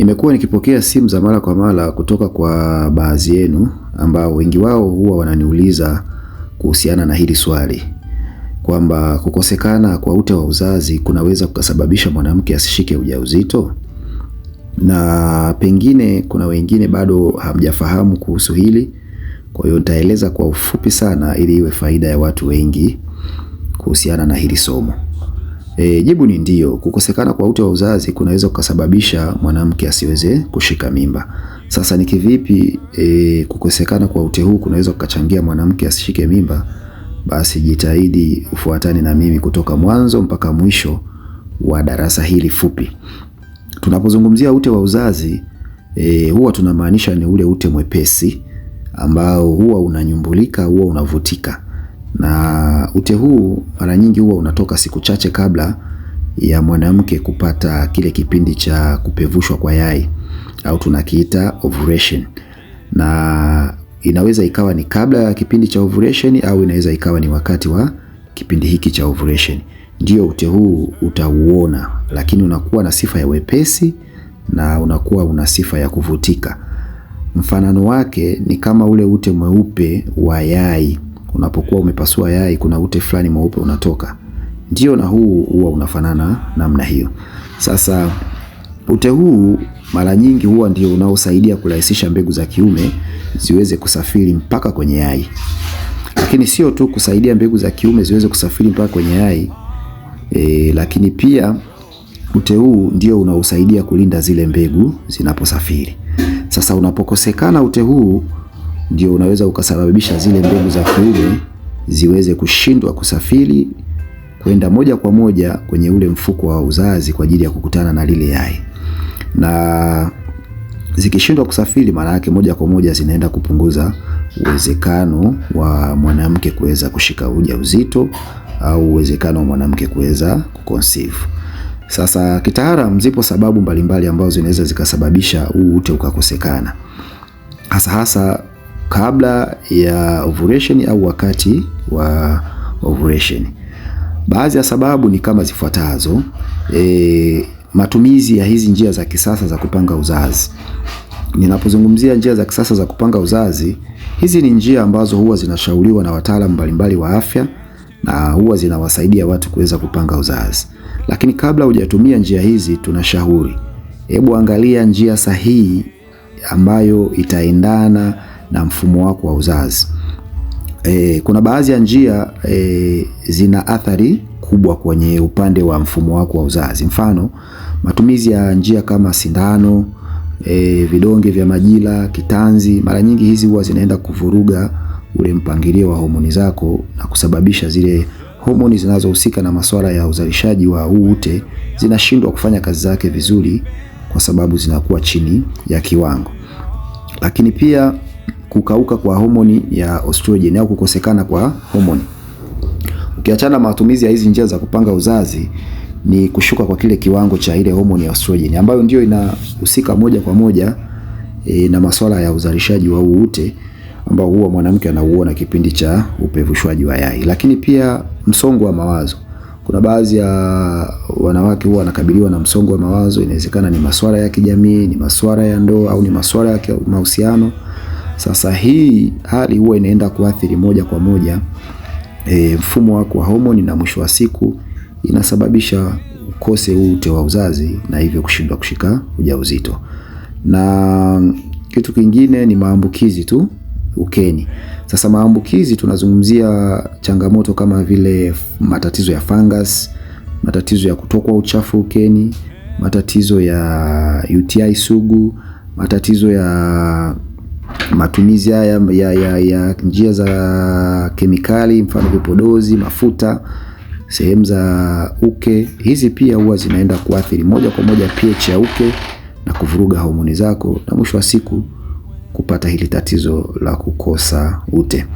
Nimekuwa nikipokea simu za mara kwa mara kutoka kwa baadhi yenu ambao wengi wao huwa wananiuliza kuhusiana na hili swali kwamba kukosekana kwa ute wa uzazi kunaweza kukasababisha mwanamke asishike ujauzito, na pengine kuna wengine bado hamjafahamu kuhusu hili. Kwa hiyo nitaeleza kwa ufupi sana ili iwe faida ya watu wengi kuhusiana na hili somo. E, jibu ni ndio. Kukosekana kwa ute wa uzazi kunaweza kukasababisha mwanamke asiweze kushika mimba. Sasa ni kivipi e, kukosekana kwa uti huu kunaweza kukachangia mwanamke asishike mimba? Basi jitahidi ufuatane na mimi kutoka mwanzo mpaka mwisho wa darasa hili fupi. Tunapozungumzia ute wa uzazi e, huwa tunamaanisha ni ule ute mwepesi ambao huwa unanyumbulika, huwa unavutika na ute huu mara nyingi huwa unatoka siku chache kabla ya mwanamke kupata kile kipindi cha kupevushwa kwa yai au tunakiita ovulation, na inaweza ikawa ni kabla ya kipindi cha ovulation au inaweza ikawa ni wakati wa kipindi hiki cha ovulation. Ndio ute huu utauona, lakini unakuwa na sifa ya wepesi na unakuwa una sifa ya kuvutika. Mfanano wake ni kama ule ute mweupe wa yai Unapokuwa umepasua yai, kuna ute fulani mweupe unatoka, ndio, na huu huwa unafanana namna hiyo. Sasa ute huu mara nyingi huwa ndio unaosaidia kurahisisha mbegu za kiume ziweze kusafiri mpaka kwenye yai. Lakini sio tu kusaidia mbegu za kiume ziweze kusafiri mpaka kwenye yai e, lakini pia ute huu ndio unaosaidia kulinda zile mbegu zinaposafiri. Sasa unapokosekana ute huu ndio unaweza ukasababisha zile mbegu za kiume ziweze kushindwa kusafiri kwenda moja kwa moja kwenye ule mfuko wa uzazi kwa ajili ya kukutana na lile yai, na zikishindwa kusafiri, maana yake moja kwa moja zinaenda kupunguza uwezekano wa mwanamke kuweza kushika ujauzito au uwezekano wa mwanamke kuweza kuconceive. Sasa kitaalamu, zipo sababu mbalimbali ambazo zinaweza zikasababisha huu ute ukakosekana hasa hasa kabla ya ovulation au wakati wa ovulation. Baadhi ya sababu ni kama zifuatazo. E, matumizi ya hizi njia za kisasa za kupanga uzazi. Ninapozungumzia njia za kisasa za kupanga uzazi, hizi ni njia ambazo huwa zinashauriwa na wataalamu mbalimbali wa afya na huwa zinawasaidia watu kuweza kupanga uzazi. Lakini kabla hujatumia njia hizi, tunashauri hebu angalia njia sahihi ambayo itaendana na mfumo wako wa uzazi. E, kuna baadhi ya njia e, zina athari kubwa kwenye upande wa mfumo wako wa uzazi. Mfano, matumizi ya njia kama sindano e, vidonge vya majila, kitanzi, mara nyingi hizi huwa zinaenda kuvuruga ule mpangilio wa homoni zako na kusababisha zile homoni zinazohusika na masuala ya uzalishaji wa uute zinashindwa kufanya kazi zake vizuri kwa sababu zinakuwa chini ya kiwango. Lakini pia kukauka kwa homoni ya estrogen au kukosekana kwa homoni. Ukiachana matumizi ya hizi njia za kupanga uzazi ni kushuka kwa kile kiwango cha ile homoni ya estrogen ambayo ndio inahusika moja kwa moja e, na masuala ya uzalishaji wa uute ambao huwa mwanamke anauona kipindi cha upevushwaji wa yai. Lakini pia msongo wa mawazo, kuna baadhi ya wanawake huwa wanakabiliwa na msongo wa mawazo. Inawezekana ni masuala ya kijamii, ni masuala ya ndoa au ni masuala ya mahusiano. Sasa hii hali huwa inaenda kuathiri moja kwa moja e, mfumo wako wa homoni na mwisho wa siku inasababisha ukose ute wa uzazi na hivyo kushindwa kushika ujauzito. Na kitu kingine ni maambukizi tu ukeni. Sasa maambukizi tunazungumzia changamoto kama vile matatizo ya fungus, matatizo ya kutokwa uchafu ukeni, matatizo ya UTI sugu, matatizo ya matumizi haya ya, ya, ya njia za kemikali, mfano vipodozi, mafuta, sehemu za uke, hizi pia huwa zinaenda kuathiri moja kwa moja pH ya uke na kuvuruga homoni zako, na mwisho wa siku kupata hili tatizo la kukosa ute.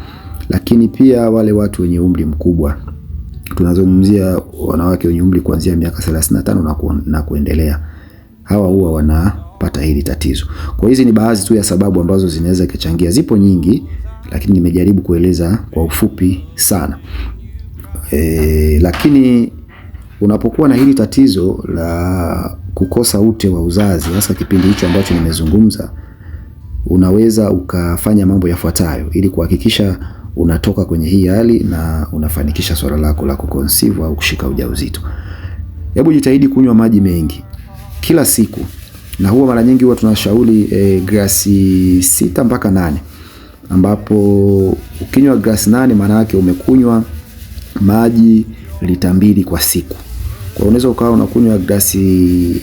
Lakini pia wale watu wenye umri mkubwa, tunazungumzia wanawake wenye umri kuanzia miaka 35 na kuendelea, hawa huwa wana kupata hili tatizo. Kwa hizi ni baadhi tu ya sababu ambazo zinaweza kuchangia, zipo nyingi, lakini nimejaribu kueleza kwa ufupi sana. E, lakini unapokuwa na hili tatizo la kukosa ute wa uzazi, hasa kipindi hicho ambacho nimezungumza, unaweza ukafanya mambo yafuatayo ili kuhakikisha unatoka kwenye hii hali na unafanikisha swala lako la kukonsivu au kushika ujauzito. Hebu jitahidi kunywa maji mengi kila siku na huwa mara nyingi huwa tunashauri e, glasi sita mpaka nane ambapo ukinywa glasi nane maana yake umekunywa maji lita mbili kwa siku. Kwa hiyo unaweza ukawa unakunywa glasi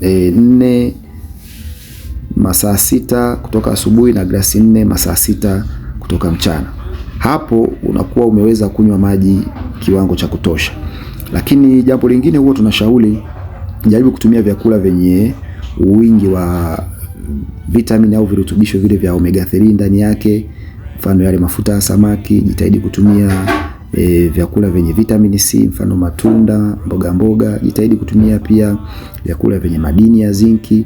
e, nne masaa sita kutoka asubuhi na glasi nne masaa sita kutoka mchana. Hapo unakuwa umeweza kunywa maji kiwango cha kutosha. Lakini jambo lingine huwa tunashauri jaribu kutumia vyakula vyenye wingi wa vitamini au virutubisho vile vya omega 3 ndani yake, mfano yale mafuta ya samaki. Jitahidi kutumia e, vyakula vyenye vitamini C, mfano matunda, mboga mboga. Jitahidi kutumia pia vyakula vyenye madini ya zinki.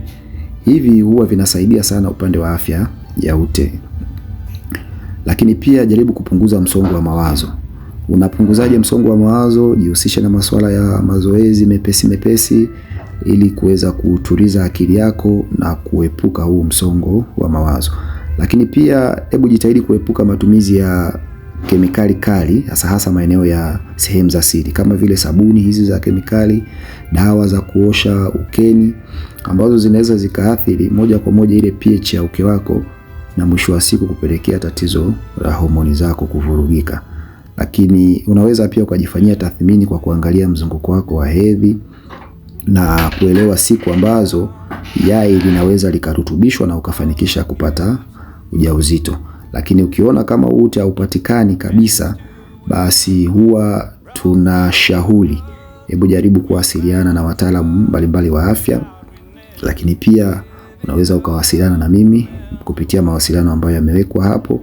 Hivi huwa vinasaidia sana upande wa afya ya ute, lakini pia jaribu kupunguza msongo wa mawazo. Unapunguzaje msongo wa mawazo? Jihusishe na masuala ya mazoezi mepesi mepesi ili kuweza kutuliza akili yako na kuepuka huu msongo wa mawazo. Lakini pia hebu jitahidi kuepuka matumizi ya kemikali kali, hasa hasa maeneo ya sehemu za siri, kama vile sabuni hizi za kemikali, dawa za kuosha ukeni ambazo zinaweza zikaathiri moja kwa moja ile pH ya uke wako na mwisho wa siku kupelekea tatizo la homoni zako kuvurugika. Lakini unaweza pia ukajifanyia tathmini kwa kuangalia mzunguko wako wa hedhi na kuelewa siku ambazo yai linaweza likarutubishwa na ukafanikisha kupata ujauzito. Lakini ukiona kama uti haupatikani kabisa, basi huwa tunashauri hebu jaribu kuwasiliana na wataalamu mbalimbali wa afya, lakini pia unaweza ukawasiliana na mimi kupitia mawasiliano ambayo yamewekwa hapo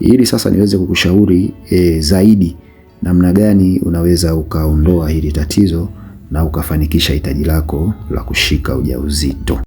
ili sasa niweze kukushauri e, zaidi namna gani unaweza ukaondoa hili tatizo na ukafanikisha hitaji lako la kushika ujauzito.